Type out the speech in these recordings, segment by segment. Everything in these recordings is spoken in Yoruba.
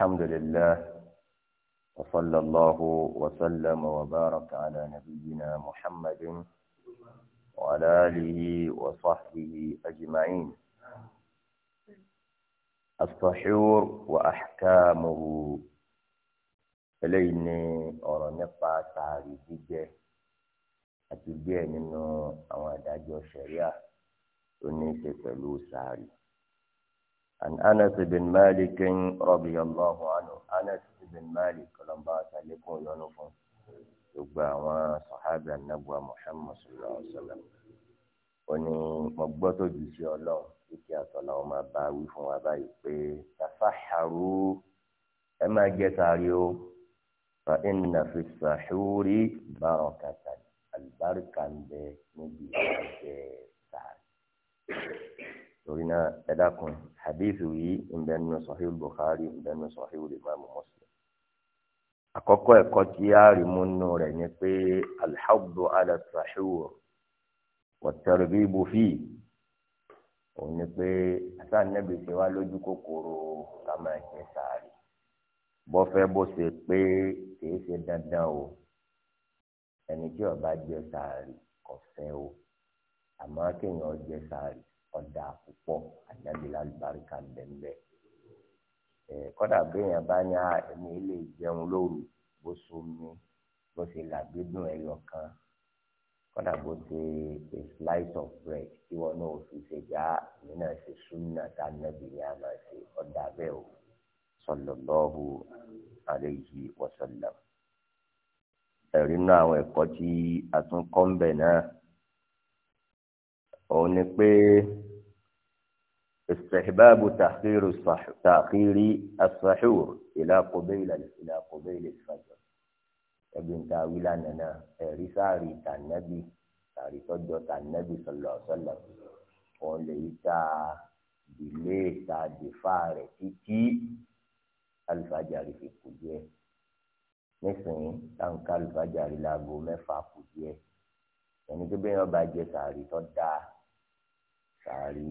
الحمد لله وصلى الله وسلم وبارك على نبينا محمد وعلى آله وصحبه أجمعين السحور وأحكامه eléyìí ni ọ̀rọ̀ nípa tààrí jíjẹ àti díẹ̀ nínú àwọn àdájọ́ sẹ̀ríà عن أنس بن مالك رضي الله عنه أنس بن مالك لما تلقوا ينفون يبقى وصحابة النبوة محمد صلى الله عليه وسلم وني مبطو جيسي الله ìkí àtọ̀là ọmọ bá wí fún wa báyìí pé tafaharu ẹ máa jẹ sààrì o fa inna fi sahuri barakatan àlùbáríkà ń bẹ níbi ìjẹ sààrì torí náà ẹ dákun hadith yìí ń bẹ nínú sahih bukhari ń bẹ nínú sahih imaamu muslim àkọ́kọ́ ẹ̀kọ́ tí a rí mú nínú rẹ̀ ni pé alḥabdu ala sahur wàtẹ̀rẹ̀bíbu fi òun ni pé asáǹnẹ́bì ṣe wá lójú kòkòrò ká máa jẹ sàárì bọ́fẹ́ bó ṣe pé kìí ṣe dandan o ẹni tí ó jẹ sàárì kò fẹ́ o àmọ́ kéèyàn jẹ sàárì ọ̀dà púpọ̀ ànábìlà àlùbáríkà bẹ́ẹ̀ kọ́dà béèyàn bá ní ẹni ilé ìjẹun lóru bó somi bó ṣe làgbédùn ẹyọ kan kọ́dà bó ṣe a slice of bread tí wọn náà fi ṣe já èmi náà ṣe súnà tá a nẹ́bi ní a máa ṣe ọ̀dà bẹ́ẹ̀ o sallallahu alayhi wa sallam ẹ̀rí náà àwọn ẹ̀kọ́ tí a tún kọ́ ń bẹ̀ náà òun ni pé istihbabu ta'khir ta'khiri as-sahur ila qabil ila qabil al-fajr ẹbí ń ta wílà nana ẹ̀rí sáàrí tànàbí sáàrí tọ́jọ́ tànàbí sọlọ sọlọ òun lè yí ta dìlé ta dìfà rẹ̀ títí alifajari fi kù díẹ̀ nísìnyí táǹkà alifajari láago mẹ́fà kù díẹ̀ ẹni tó bẹ́ẹ̀ ọba jẹ sàárì tó dáa sàárì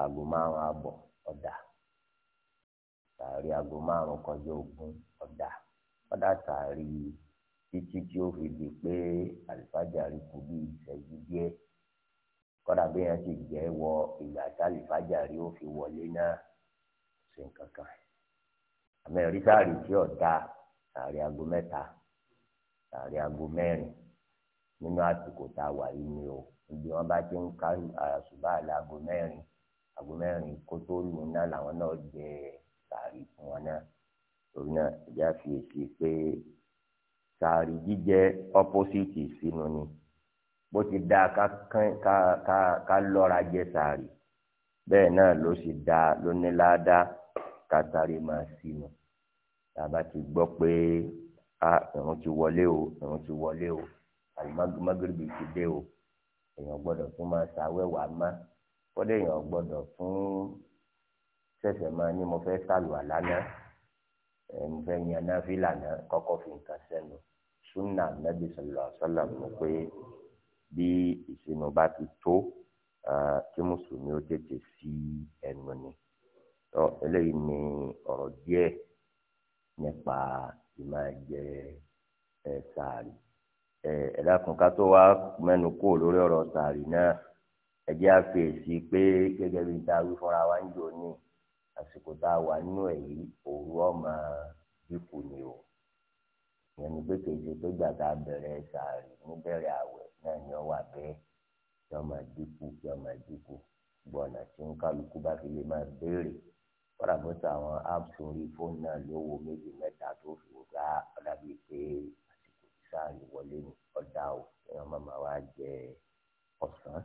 aago márùn àbọ̀ ọ̀dà sàárì aago márùn kọjá ogún ọ̀dà ọ̀dà sàárì títí tí ó fi di pé àlùfájàrí kù bí ìṣẹ́jú díẹ̀ kọ́dà bí yẹn ti jẹ́ wọ ìgbà tí àlùfájàrí ó fi wọlé náà ṣe nǹkan kan àmọ́ ẹ̀rí sàárì tí ọ̀dà sàárì aago mẹ́ta sàárì aago mẹ́rin nínú àsìkò tá a wà yìí ni o ibi wọn bá ti ń ká àṣùbà láago mẹ́rin aago mẹ́rin kó tó lù ná làwọn náà jẹ sàárì fún wọn náà torí náà ìjà fi pé sàárì jíjẹ ọpọsìtì sínú ni bó ti dáa ká ká ká ká lọ́ra jẹ sàárì bẹ́ẹ̀ náà ló sì dáa ló ní ládàá kátàrí máa sínú tàbá ti gbọ́ pé a ah, ìrun ti wọlé o ìrun ti wọlé o alimagiribi ti dé o èèyàn gbọ́dọ̀ tún máa ṣàwẹwà má kódé èèyàn gbọ́dọ̀ tún ṣẹ̀ṣẹ̀ máa ní mo fẹ́ sàlù àlànà ẹ mo fẹ́ yan náà fìlànà kọ́kọ́ fi nǹkan sẹ́nu sunna nabi sallallahu alaihi wasallam mọ̀ pé bí ìsinmi bá ti tó kí mùsùlùmí ó tètè sí ẹnu ni tọ eléyìí ni ọ̀rọ̀ díẹ̀ nípa ìmáa jẹ ẹ sáàrì ẹ̀dákun ká tó wá mẹ́nu kó lórí ọ̀rọ̀ sàárì náà ẹ̀jẹ̀ àfẹ́sí pé gẹ́gẹ́ bí ta wí fúnra wa ń jò ní àsìkò tá a wà nínú ẹ̀ yìí òru ọmọ dínkù ni o ìyẹn ni pé kèje tó gbà tá a bẹ̀rẹ̀ sàárì níbẹ̀rẹ̀ àwẹ̀ náà ni ọ wà bẹ́ẹ̀ kí ọmọ dínkù kí ọmọ dínkù gbọ̀nà tí ń kálukú bá fi lè máa béèrè kọ́dà bó ta àwọn apps orí fóònù náà lówó méjì mẹ́ta tó fi wò gbá ọ̀dà bíi pé ah, ìṣáàyè wọlé ni ọ̀dà o ẹ̀yàn màmá wa jẹ ọ̀sán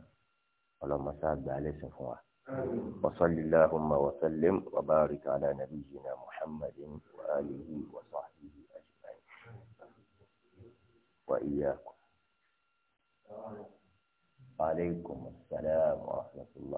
ọlọ́mọṣá gbà á fún wa. وصل اللهم وسلم وبارك على نبينا محمد وآله وصحبه أجمعين وإياكم عليكم السلام ورحمة الله